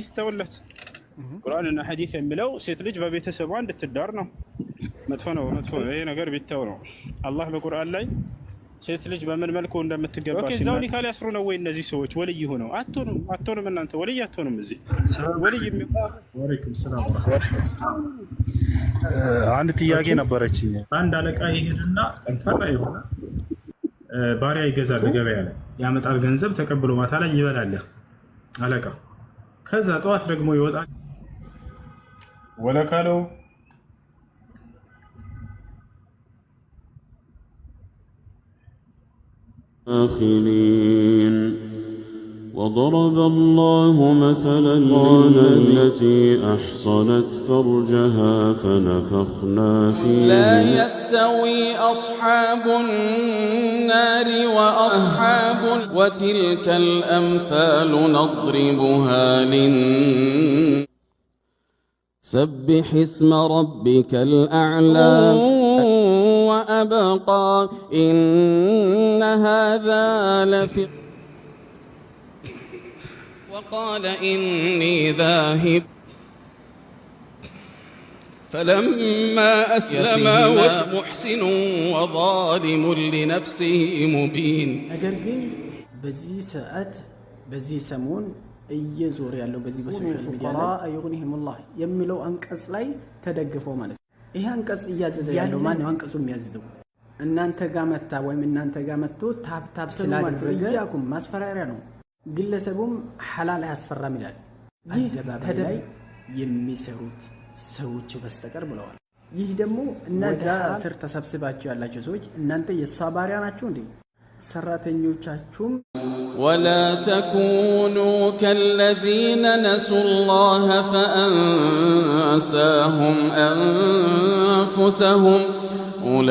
ይስተውለት። ቁርአንና ሐዲስ የሚለው ሴት ልጅ በቤተሰቧ እንድትዳር ነው። መጥፎ ነው፣ መጥፎ ነው። ይሄ ነገር ቢተው ነው። አላህ በቁርአን ላይ ሴት ልጅ በምን መልኩ እንደምትገባ እዛው ኒካ ሊያስሩ ነው ወይ እነዚህ ሰዎች? ወልይ ሆነው አትሆኑም፣ አትሆኑም። እናንተ ወልይ አትሆኑም። እዚህ ወልይ አንድ ጥያቄ ነበረች። አንድ አለቃ ይሄድና ጠንካራ የሆነ ባሪያ ይገዛል፣ ገበያ ላይ ያመጣል፣ ገንዘብ ተቀብሎ ማታ ላይ ይበላል አለቃ ከዛ ጠዋት ደግሞ ይወጣል። ወለካለው አኺሪን وضرب الله مثلا للتي أحصنت فرجها فنفخنا فيها لا يستوي أصحاب النار وأصحاب وتلك الأمثال نضربها للناس سبح اسم ربك الأعلى وأبقى إن هذا لفق قال إني ذاهب فلما أسلم محسن وظالم لنفسه مبين أجل بين بزي ساعات بزي سمون أي زور لو بزي بسوشيال ميديا فقراء يغنيهم الله يملو أنك أصلي تدقفو مالك إيه أنك أصلي يعزز يعلو ما نو أنك أصلي يعززو أن أنت قامت تاوي من أنت قامت تو تاب تاب سلاد رجل إياكم ما سفر عرانو ግለሰቡም ሐላል አያስፈራም ይላል። አደባባይ ላይ የሚሰሩት ሰዎች በስተቀር ብለዋል። ይህ ደግሞ እናዛ ስር ተሰብስባችሁ ያላቸው ሰዎች እናንተ የእሷ ባሪያ ናችሁ እንዴ? ሰራተኞቻችሁም ወላ ተኩኑ ከለዚነ ነሱ ላህ ፈአንሳሁም አንፉሰሁም ኡላ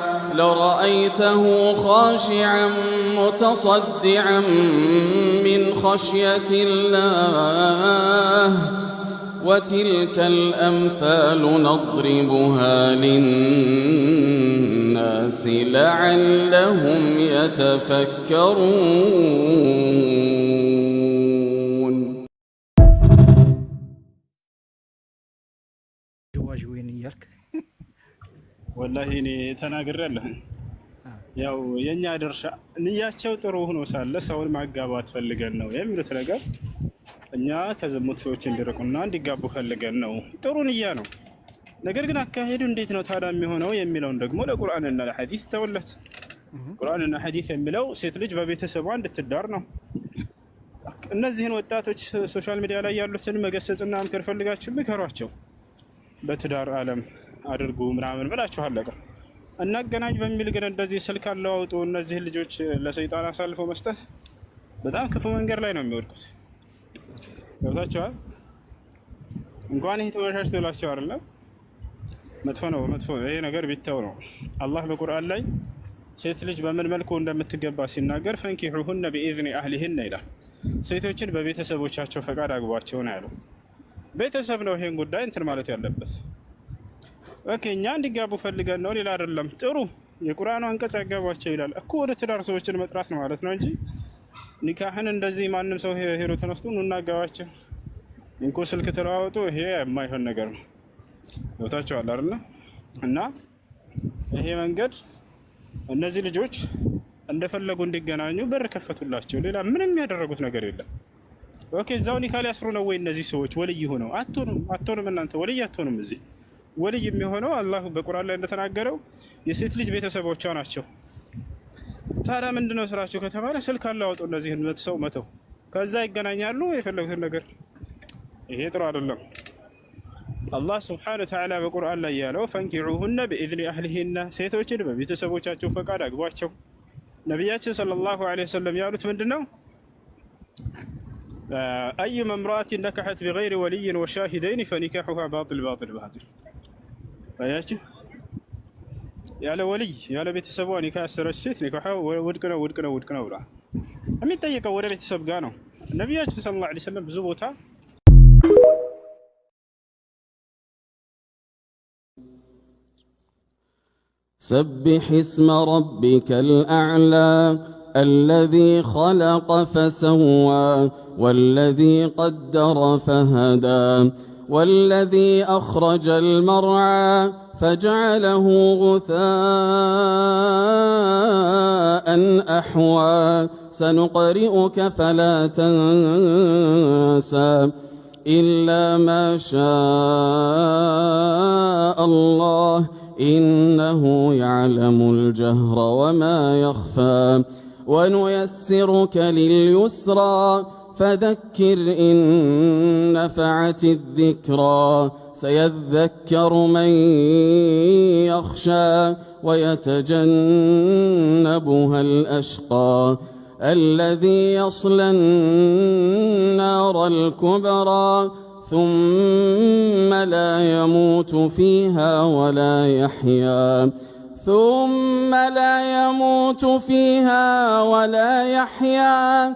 لرأيته خاشعا متصدعا من خشية الله وتلك الأمثال نضربها للناس لعلهم يتفكرون ወላሂ እኔ ተናግሬያለሁ። ያው የእኛ ድርሻ ንያቸው ጥሩ ሆኖ ሳለ ሰውን ማጋባት ፈልገን ነው የሚሉት ነገር እኛ ከዝሙት ሰዎች እንዲርቁና እንዲጋቡ ፈልገን ነው። ጥሩ ንያ ነው። ነገር ግን አካሄዱ እንዴት ነው ታዲያ የሚሆነው የሚለውን ደግሞ ለቁርአንና ለሐዲስ ተወለት። ቁርአንና ሐዲስ የሚለው ሴት ልጅ በቤተሰቧ እንድትዳር ነው። እነዚህን ወጣቶች ሶሻል ሚዲያ ላይ ያሉትን መገሰጽና ምክር ፈልጋችሁ ምከሯቸው በትዳር አለም አድርጉ ምናምን ብላችሁ አለቀ። እናገናኝ በሚል ግን እንደዚህ ስልክ አለዋውጡ እነዚህን ልጆች ለሰይጣን አሳልፎ መስጠት በጣም ክፉ መንገድ ላይ ነው የሚወድቁት። ገብታችኋል? እንኳን ይህ ተመሻሽ ብላቸው አይደለም። መጥፎ ነው፣ መጥፎ ይሄ ነገር ቢተው ነው። አላህ በቁርአን ላይ ሴት ልጅ በምን መልኩ እንደምትገባ ሲናገር ፈንኪሑሁነ ቢኢዝኒ አህሊህና ይላል። ሴቶችን በቤተሰቦቻቸው ፈቃድ አግቧቸው ነው ያለው። ቤተሰብ ነው ይሄን ጉዳይ እንትን ማለት ያለበት። ኦኬ እኛ እንዲጋቡ ፈልገን ነው፣ ሌላ አይደለም። ጥሩ የቁርአኑ አንቀጽ ያጋባቸው ይላል እኮ ወደ ትዳር ሰዎችን መጥራት ማለት ነው እንጂ ኒካህን እንደዚህ ማንም ሰው ሄሮ ተነስቶ እናጋባቸው እንኮ ስልክ ተለዋወጡ፣ ይሄ የማይሆን ነገር ነው። ገብታችኋል አይደል? እና ይሄ መንገድ እነዚህ ልጆች እንደፈለጉ እንዲገናኙ በር ከፈቱላቸው። ሌላ ምንም ያደረጉት ነገር የለም። ኦኬ እዛው ኒካ ሊያስሩ ነው ወይ እነዚህ ሰዎች? ወልይ ሆነው አትሆኑም፣ አትሆኑም። እናንተ ወልይ አትሆኑም እዚህ ወልይ የሚሆነው አላህ በቁርአን ላይ እንደተናገረው የሴት ልጅ ቤተሰቦቿ ናቸው። ታዲያ ምንድነው ስራቸው ከተባለ ስልክ አለዋወጡ እነዚህን ሰው መተው ከዛ ይገናኛሉ የፈለጉትን ነገር። ይሄ ጥሩ አይደለም። አላህ ስብሐነሁ ወተዓላ በቁርአን ላይ ያለው ፈንኪዑሁነ ቢኢዝኒ አህሊሂና ሴቶችን በቤተሰቦቻቸው ፈቃድ አግቧቸው። ነቢያችን ሰለላሁ ዐለይሂ ወሰለም ያሉት ምንድነው? አዩ ምርአቲን ነከሐት ቢገይሪ ወልይን ወሻሂደይን ፈኒካሑሃ ባጢል ባጢል ባጢል አያችሁ ያለ ወልይ ያለ ቤተሰቧ ኒካ ያሰረች ሴት ኒካህ ውድቅ ነው ውድቅ ነው ውድቅ ነው ብሏል። የሚጠየቀው ወደ ቤተሰብ ጋር ነው። ነቢያችን ሰለላሁ ዐለይሂ ወሰለም ብዙ ቦታ ሰቢሕ እስመ ረቢከ አልአዕላ الذي خلق فسوى والذي قدر فهدى والذي أخرج المرعى فجعله غثاء أحوى سنقرئك فلا تنسى إلا ما شاء الله إنه يعلم الجهر وما يخفى ونيسرك لليسرى فذكر إن نفعت الذكرى سيذكر من يخشى ويتجنبها الأشقى الذي يصلى النار الكبرى ثم لا يموت فيها ولا يحيا ثم لا يموت فيها ولا يحيا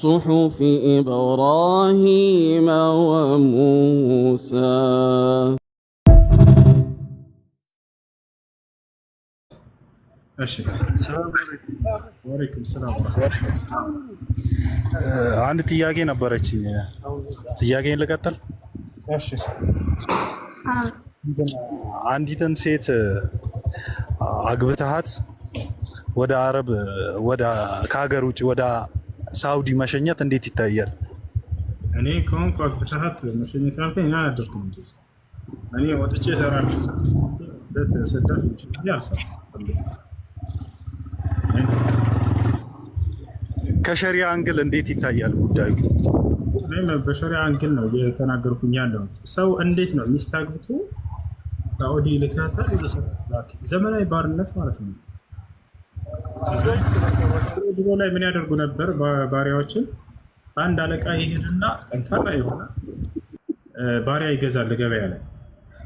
صحف إبراهيم وموسى አንድ ጥያቄ ነበረችኝ። ጥያቄን ልቀጥል? አንዲትን ሴት አግብተሃት ወደ አረብ ከሀገር ውጭ ወደ ሳውዲ መሸኘት እንዴት ይታያል? እኔ ከሆንኩ አብድርሃት መሸኘት ያልከኝ እኔ አላደርኩም። እኔ ወጥቼ እሰራለሁ። ስደት አልሰራም። ከሸሪያ አንግል እንዴት ይታያል ጉዳዩ? እኔም በሸሪያ አንግል ነው እየተናገርኩኝ ያለሁት። ሰው እንዴት ነው ሚስት አግብቶ ሳኡዲ ልካታ ዘመናዊ ባርነት ማለት ነው ድሮ ላይ ምን ያደርጉ ነበር? ባሪያዎችን አንድ አለቃ ይሄድና ጠንካራ የሆነ ባሪያ ይገዛል ገበያ ላይ።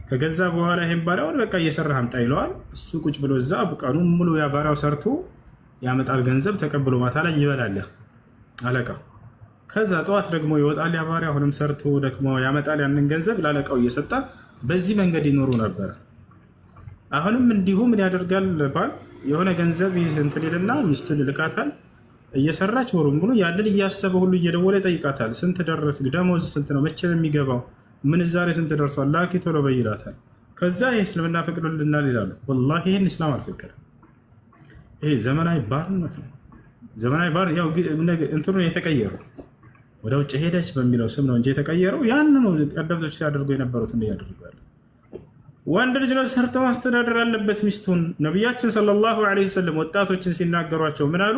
ከገዛ በኋላ ይህን ባሪያውን በቃ እየሰራህ አምጣ ይለዋል። እሱ ቁጭ ብሎ እዛ ቀኑ ሙሉ ያ ባሪያው ሰርቶ ያመጣል ገንዘብ ተቀብሎ ማታ ላይ ይበላለህ አለቃ። ከዛ ጠዋት ደግሞ ይወጣል ያ ባሪያ አሁንም ሰርቶ ደክሞ ያመጣል ያንን ገንዘብ ለአለቃው እየሰጣ በዚህ መንገድ ይኖሩ ነበር። አሁንም እንዲሁ ምን ያደርጋል ባል የሆነ ገንዘብ እንትን ይልና ሚስቱን ይልካታል። እየሰራች ወሩም ብሎ ያንን እያሰበ ሁሉ እየደወለ ይጠይቃታል። ስንት ደረስ? ደሞዝ ስንት ነው? መቼ የሚገባው? ምንዛሬ ስንት ደርሷል? ላኪ ቶሎ በይ ይላታል። ከዛ ይህ እስልምና ፈቅዶልናል ይላሉ። ወላሂ ይህን እስላም አልፈቀደም። ይሄ ዘመናዊ ባርነት ነው። ዘመናዊ ባር እንትኑ የተቀየረው ወደ ውጭ ሄደች በሚለው ስም ነው እንጂ የተቀየረው ያንኑ ቀደምቶች ሲያደርጉ የነበሩትን እያደርጋሉ። ወንድ ልጅ ነው ሰርቶ ማስተዳደር አለበት ሚስቱን። ነቢያችን ሰለላሁ ዐለይሂ ወሰለም ወጣቶችን ሲናገሯቸው ምን አሉ?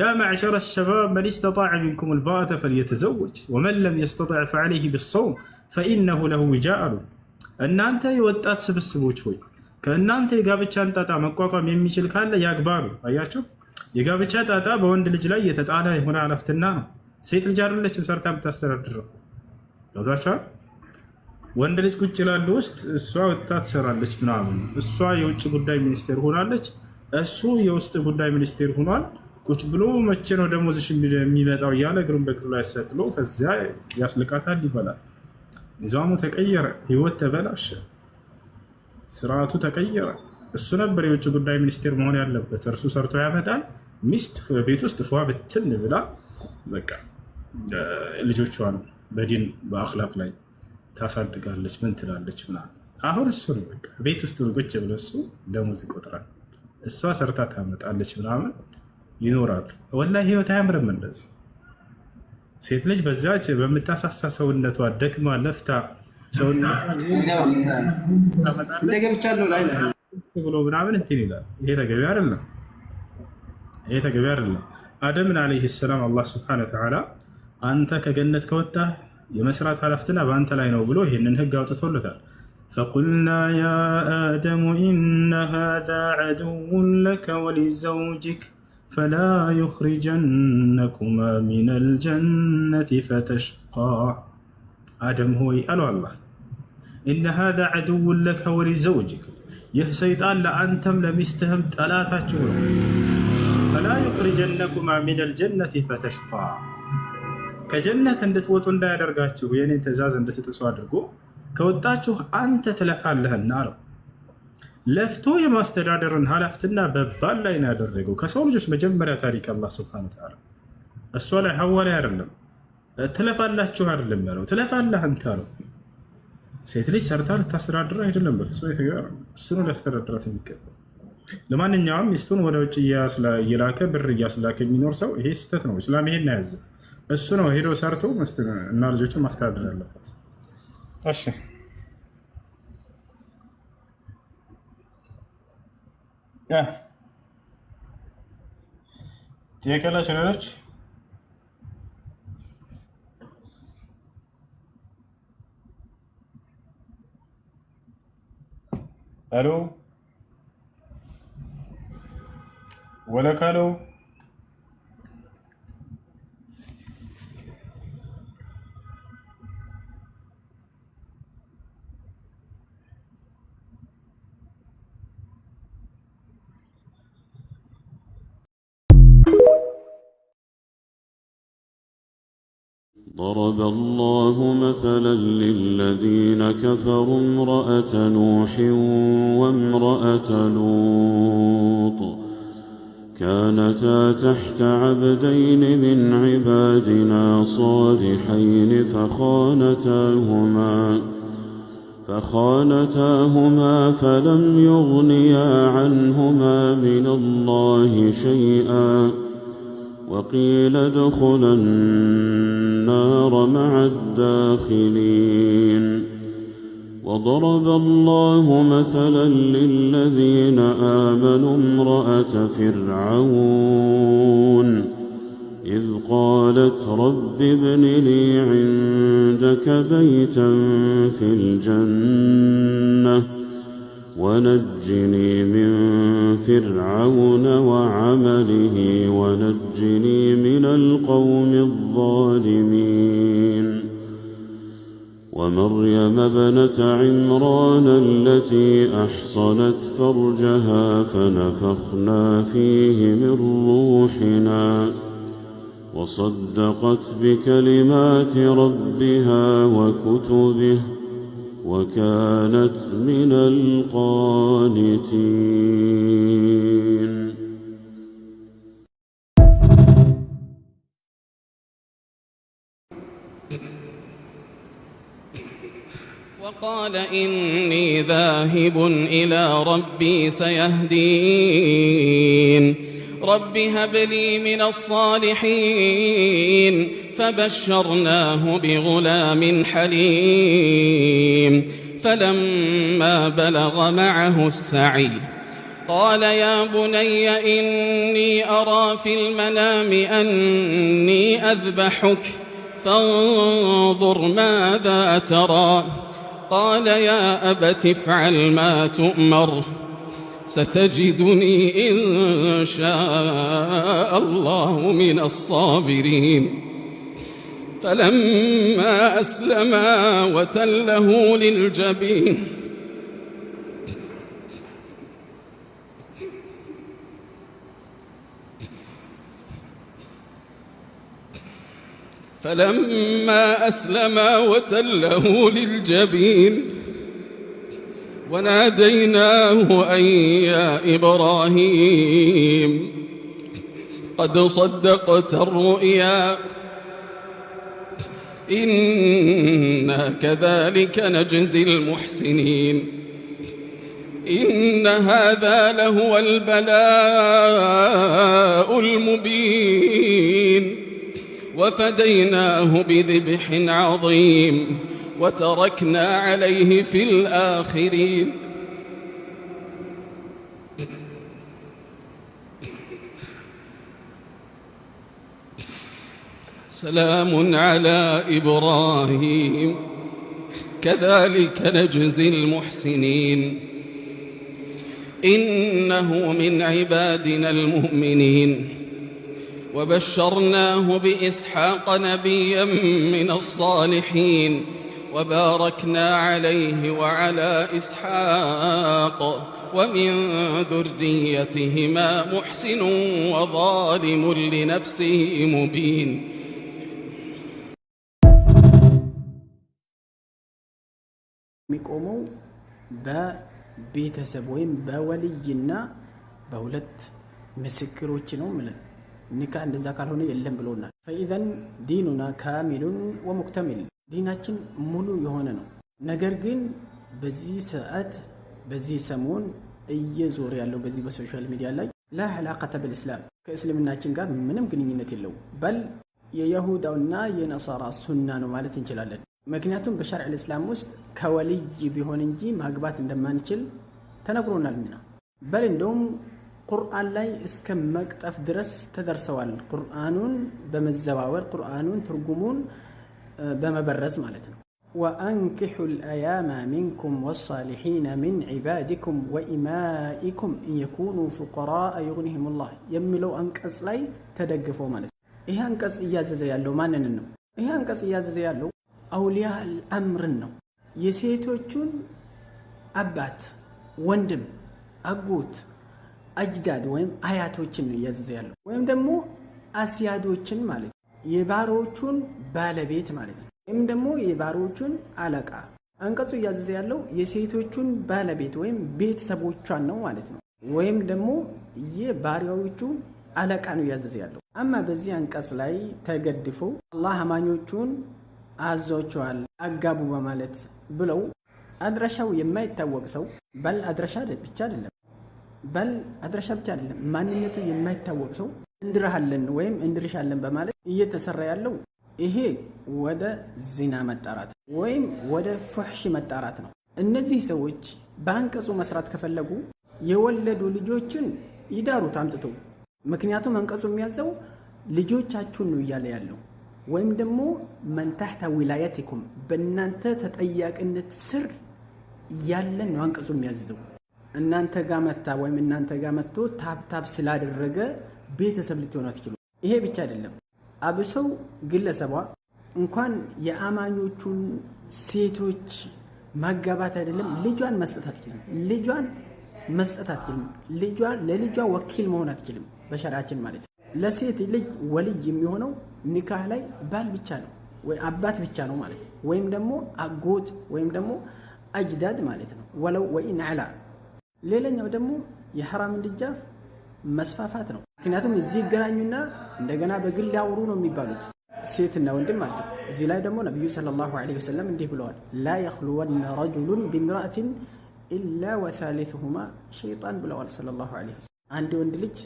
ያ መዕሸረ ሸባብ መን ስተጣዐ ሚንኩም ልባአተ ፈልየተዘወጅ ወመን ለም የስተጣዕ ፈዐለይህ ብሰውም ፈኢነሁ ለሁ ዊጃ አሉ። እናንተ የወጣት ስብስቦች ሆይ ከእናንተ የጋብቻን ጣጣ መቋቋም የሚችል ካለ ያግባሉ። አያችሁ፣ የጋብቻ ጣጣ በወንድ ልጅ ላይ የተጣለ የሆነ አላፍትና ነው። ሴት ልጅ አይደለችም ሰርታ የምታስተዳድረው። ወንድ ልጅ ቁጭ ላለ ውስጥ እሷ ወጥታ ትሰራለች ምናምን። እሷ የውጭ ጉዳይ ሚኒስቴር ሆናለች፣ እሱ የውስጥ ጉዳይ ሚኒስቴር ሆኗል። ቁጭ ብሎ መቼ ነው ደሞዝሽ የሚመጣው እያለ እግሩን በእግሩ ላይ ሰጥሎ ከዚያ ያስልቃታል፣ ይበላል። ኒዛሙ ተቀየረ፣ ህይወት ተበላሸ፣ ስርዓቱ ተቀየረ። እሱ ነበር የውጭ ጉዳይ ሚኒስቴር መሆን ያለበት። እርሱ ሰርቶ ያመጣል። ሚስት ቤት ውስጥ ፏ ብትን ብላ በቃ ልጆቿን በዲን በአክላቅ ላይ ታሳድጋለች፣ ምን ትላለች ምናምን። አሁን እሱ ነው በቃ ቤት ውስጥ ቁጭ ብሎ እሱ ደሞዝ ይቆጥራል፣ እሷ ሰርታ ታመጣለች ምናምን ይኖራሉ። ወላ ህይወት አያምርም እንደዚህ። ሴት ልጅ በዚያች በምታሳሳ ሰውነቷ ደክማ ለፍታ ሰውነቷ ብሎ ምናምን እንትን ይላል። ይሄ ተገቢ አይደለም። ይሄ ተገቢ አይደለም። አደምን አለይህ ሰላም አላህ ስብሐነ ወተዓላ አንተ ከገነት ከወጣህ የመስራት ኃላፊነትና በአንተ ላይ ነው ብሎ ይህንን ህግ አውጥቶለታል። ፈቁልና ያ አደሙ ኢነ ሃዛ ዐዱውን ለከ ወሊዘውጅክ ፈላ ዩኽሪጀነኩማ ሚነል ጀነቲ ፈተሽቃ። አደም ሆይ አሉ አላህ ኢነ ሃዛ ዐዱውን ለከ ወሊዘውጅክ፣ ይህ ሰይጣን ለአንተም ለሚስትህም ጠላታችሁ ነው። ፈላ ዩኽሪጀነኩማ ሚነል ጀነቲ ፈተሽቃ ከጀነት እንድትወጡ እንዳያደርጋችሁ የእኔ ትእዛዝ እንድትጥሱ አድርጎ ከወጣችሁ አንተ ትለፋለህና አለው። ለፍቶ የማስተዳደርን ኃላፊነትና በባል ላይ ነው ያደረገው። ከሰው ልጆች መጀመሪያ ታሪክ አላህ ሱብሐነሁ ወተዓላ እሷ ላይ ሐዋ ላይ አይደለም። ትለፋላችሁ አይደለም ያለው፣ ትለፋለህ አንተ አለው። ሴት ልጅ ሰርታ ልታስተዳድር አይደለም በፍጹም እሱ እሱኑ ሊያስተዳድራት የሚገባ። ለማንኛውም ሚስቱን ወደ ውጭ እየላከ ብር እያስላከ የሚኖር ሰው ይሄ ስህተት ነው። ኢስላም ይሄን ያዘ። እሱ ነው ሄዶ ሰርቶ እና ልጆችን ማስተዳደር ያለበት። እሺ ጥያቄ ያላቸው ሌሎች አሎ ضرب الله مثلا للذين كفروا امرأة نوح وامرأة لوط كانتا تحت عبدين من عبادنا صالحين فخانتاهما فخانتاهما فلم يغنيا عنهما من الله شيئا وقيل ادخلا النار مع الداخلين وضرب الله مثلا للذين آمنوا امرأة فرعون إذ قالت رب ابن لي عندك بيتا في الجنة ونجني من فرعون وعمله ونجني من القوم الظالمين ومريم ابنه عمران التي احصنت فرجها فنفخنا فيه من روحنا وصدقت بكلمات ربها وكتبه وكانت من القانتين وقال إني ذاهب إلى ربي سيهدين رب هب لي من الصالحين فبشرناه بغلام حليم فلما بلغ معه السعي قال يا بني إني أرى في المنام أني أذبحك فانظر ماذا ترى قال يا أبت افعل ما تؤمر ستجدني إن شاء الله من الصابرين فلما أسلما وتله للجبين فلما أسلما وتله للجبين وناديناه أن يا إبراهيم قد صدقت الرؤيا إنا كذلك نجزي المحسنين إن هذا لهو البلاء المبين وفديناه بذبح عظيم وتركنا عليه في الآخرين سلام على إبراهيم كذلك نجزي المحسنين إنه من عبادنا المؤمنين وبشرناه بإسحاق نبيا من الصالحين وباركنا عليه وعلى إسحاق ومن ذريتهما محسن وظالم لنفسه مبين ميكومو با بيت سبوين با ولينا باولت مسكروتشنو ملن نكا عند زاكارون يلم ፈኢዘን ዲኑና ካሚሉን ወሙክተሚል ዲናችን ሙሉ የሆነ ነው። ነገር ግን በዚህ ሰዓት በዚህ ሰሞን እየዞር ያለው በዚህ በሶሻል ሚዲያ ላይ ላ ዐላቀተ ብልእስላም ከእስልምናችን ጋር ምንም ግንኙነት የለው በል የየሁዳውና የነሳራ ሱና ነው ማለት እንችላለን። ምክንያቱም በሸርዕ ልእስላም ውስጥ ከወልይ ቢሆን እንጂ ማግባት እንደማንችል ተነግሮናልና በል እንደውም ቁርአን ላይ እስከ መቅጠፍ ድረስ ተደርሰዋል። ቁርአኑን በመዘባወር ቁርአኑን ትርጉሙን በመበረዝ ማለት ነው። ወአንኪሑ ልአያማ ሚንኩም ወሳሊሒነ ሚን ዒባዲኩም ወኢማኢኩም እንየኩኑ ፉቀራአ ዩግኒህም ላህ የሚለው አንቀጽ ላይ ተደግፎ ማለት ነው። ይህ አንቀጽ እያዘዘ ያለው ማንንን ነው? ይህ አንቀጽ እያዘዘ ያለው አውሊያ አልአምርን ነው። የሴቶቹን አባት፣ ወንድም፣ አጎት አጅዳድ ወይም አያቶችን ነው እያዘዘ ያለው ወይም ደግሞ አስያዶችን ማለት ነው። የባሮቹን ባለቤት ማለት ነው። ወይም ደግሞ የባሮቹን አለቃ። አንቀጹ እያዘዘ ያለው የሴቶቹን ባለቤት ወይም ቤተሰቦቿን ነው ማለት ነው። ወይም ደግሞ የባሪያዎቹ አለቃ ነው እያዘዘ ያለው። አማ በዚህ አንቀጽ ላይ ተገድፎ አላህ አማኞቹን አዟቸዋል አጋቡ በማለት ብለው አድረሻው የማይታወቅ ሰው ባል አድረሻ ብቻ አይደለም ባል አድራሻ ብቻ አይደለም፣ ማንነቱ የማይታወቅ ሰው እንድርሃለን ወይም እንድርሻለን በማለት እየተሰራ ያለው ይሄ ወደ ዚና መጣራት ወይም ወደ ፉሕሽ መጣራት ነው። እነዚህ ሰዎች በአንቀጹ መስራት ከፈለጉ የወለዱ ልጆችን ይዳሩት አምጥቶ። ምክንያቱም አንቀጹ የሚያዘው ልጆቻችሁን ነው እያለ ያለው ወይም ደግሞ መንታህታ ዊላያቲኩም በእናንተ ተጠያቂነት ስር ያለን ነው አንቀጹ የሚያዝዘው። እናንተ ጋር መታ ወይም እናንተ ጋር መጥቶ ታብታብ ስላደረገ ቤተሰብ ልትሆኑ አትችሉ። ይሄ ብቻ አይደለም፣ አብሰው ግለሰቧ እንኳን የአማኞቹን ሴቶች ማጋባት አይደለም ልጇን መስጠት አትችልም። ልጇን መስጠት አትችልም። ልጇን ለልጇ ወኪል መሆን አትችልም፣ በሸራችን ማለት ለሴት ልጅ ወልጅ የሚሆነው ኒካህ ላይ ባል ብቻ ነው ወይ አባት ብቻ ነው ማለት ወይም ደግሞ አጎት ወይም ደግሞ አጅዳድ ማለት ነው ወለው ወይ አላ ሌላኛው ደግሞ የሐራምን ድጃፍ መስፋፋት ነው። ምክንያቱም እዚህ ይገናኙና እንደገና በግል ያውሩ ነው የሚባሉት ሴትና ወንድም ማለት ነው። እዚህ ላይ ደግሞ ነቢዩ ሰለላሁ ዐለይሂ ወሰለም እንዲህ ብለዋል፣ ላ የኽልወነ ረጁሉን ቢምራአትን ኢላ ወሳሊሱሁማ ሸይጣን ብለዋል ሰለላሁ ዐለይሂ ወሰለም። አንድ ወንድ ልጅ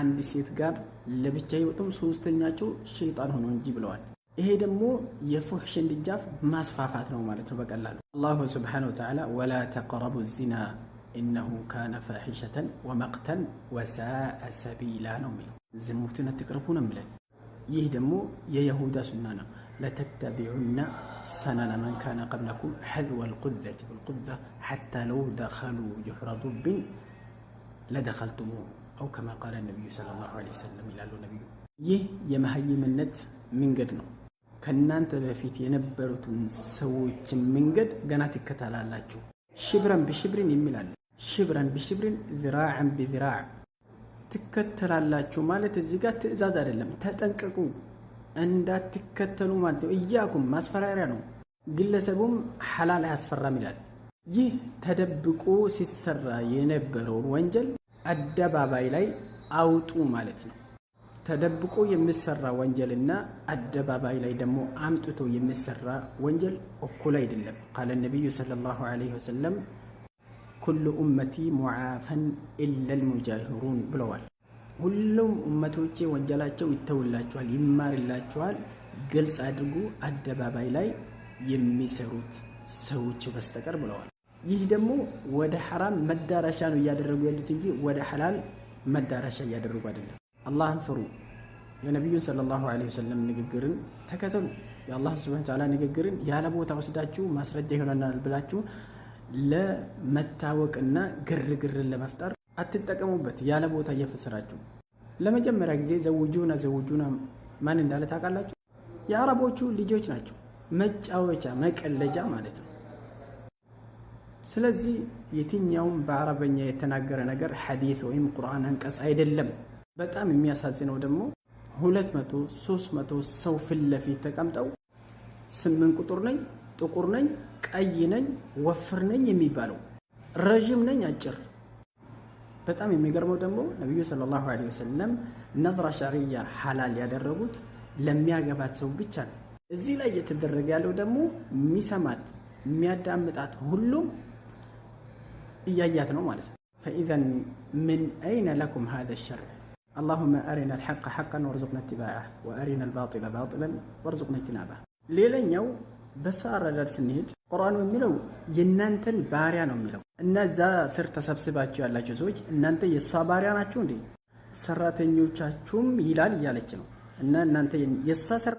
አንድ ሴት ጋር ለብቻ ይወጡም ሶስተኛቸው ሸይጣን ሆኖ እንጂ ብለዋል። ይሄ ደግሞ የፉሕሽን ድጃፍ ማስፋፋት ነው ማለት ነው በቀላሉ አላሁ ስብሓነሁ ወተዓላ ወላ ተቅረቡ ዚና إنه كان فاحشة ومقتا وساء سبيلا نمله زموتنا تقربون ملك يهدموا يا يهودا سنانا لتتبعن سنن من كان قبلكم حذو القذة القذة حتى لو دخلوا جحر ضب لدخلتموه أو كما قال النبي صلى الله عليه وسلم إلى النبي يه يمهي من نت من قدنا كنان تبافيت ينبرت سويت من قد قناتك تعالى الله شبرا بشبر يميلان ሽብረን ቢሽብርን ዝራዕን ቢዝራዕ ትከተላላችሁ ማለት እዚህ ጋር ትእዛዝ አይደለም፣ ተጠንቀቁ እንዳትከተሉ ማለት ነው። እያኩም ማስፈራሪያ ነው። ግለሰቡም ሐላል አያስፈራም ይላል። ይህ ተደብቆ ሲሰራ የነበረውን ወንጀል አደባባይ ላይ አውጡ ማለት ነው። ተደብቆ የሚሰራ ወንጀል እና አደባባይ ላይ ደግሞ አምጥቶ የሚሰራ ወንጀል እኩል አይደለም። ቃለ ነቢዩ ሰለላሁ ዐለይሂ ወሰለም ኩሉ ኡመቲ ሙዓፈን ኢለል ሙጃሂሩን ብለዋል። ሁሉም ኡመቶቼ ወንጀላቸው ይተውላቸዋል፣ ይማርላቸዋል። ግልጽ አድርጉ አደባባይ ላይ የሚሰሩት ሰዎች በስተቀር ብለዋል። ይህ ደግሞ ወደ ሐራም መዳረሻ ነው እያደረጉ ያሉት እንጂ ወደ ሐላል መዳረሻ እያደረጉ አይደለም። አላህን ፍሩ። የነቢዩን ሰለላሁ ዐለይሂ ወሰለም ንግግርን ተከተሉ። የአላህ ስብሐነ ወተዓላ ንግግርን ያለ ቦታ ወስዳችሁ ማስረጃ ይሆነናል ብላችሁ ለመታወቅና ግርግርን ለመፍጠር አትጠቀሙበት። ያለ ቦታ እየፈሰራችሁ ለመጀመሪያ ጊዜ ዘውጁና ዘውጁና ማን እንዳለ ታውቃላችሁ? የአረቦቹ ልጆች ናቸው። መጫወቻ መቀለጃ ማለት ነው። ስለዚህ የትኛውም በአረበኛ የተናገረ ነገር ሐዲስ ወይም ቁርአን አንቀጽ አይደለም። በጣም የሚያሳዝነው ደግሞ ሁለት መቶ ሶስት መቶ ሰው ፊት ለፊት ተቀምጠው ስምንት ቁጥር ነኝ ጥቁር ነኝ፣ ቀይ ነኝ፣ ወፍር ነኝ የሚባለው ረዥም ነኝ፣ አጭር። በጣም የሚገርመው ደግሞ ነቢዩ ሰለላሁ ዐለይሂ ወሰለም ነዝራ ሸርዕያ ሐላል ያደረጉት ለሚያገባት ሰው ብቻ ነው። እዚህ ላይ እየተደረገ ያለው ደግሞ የሚሰማት የሚያዳምጣት ሁሉም እያያት ነው ማለት ነው። ፈኢዘን ምን አይነ ለኩም ሃዛ ሸርዕ አላሁመ አሪና አልሐቀ ሐቀን ወርዙቅና ትባዓ ወአሪና አልባጢለ ባጢለን ወርዙቅና ትናባ ሌላኛው በሳ አረዳድ ስንሄድ ቁርአኑ የሚለው የእናንተን ባሪያ ነው የሚለው እና እዛ ስር ተሰብስባቸው ያላቸው ሰዎች እናንተ የእሷ ባሪያ ናቸው እንዴ ሰራተኞቻችሁም ይላል እያለች ነው እና እናንተ የእሷ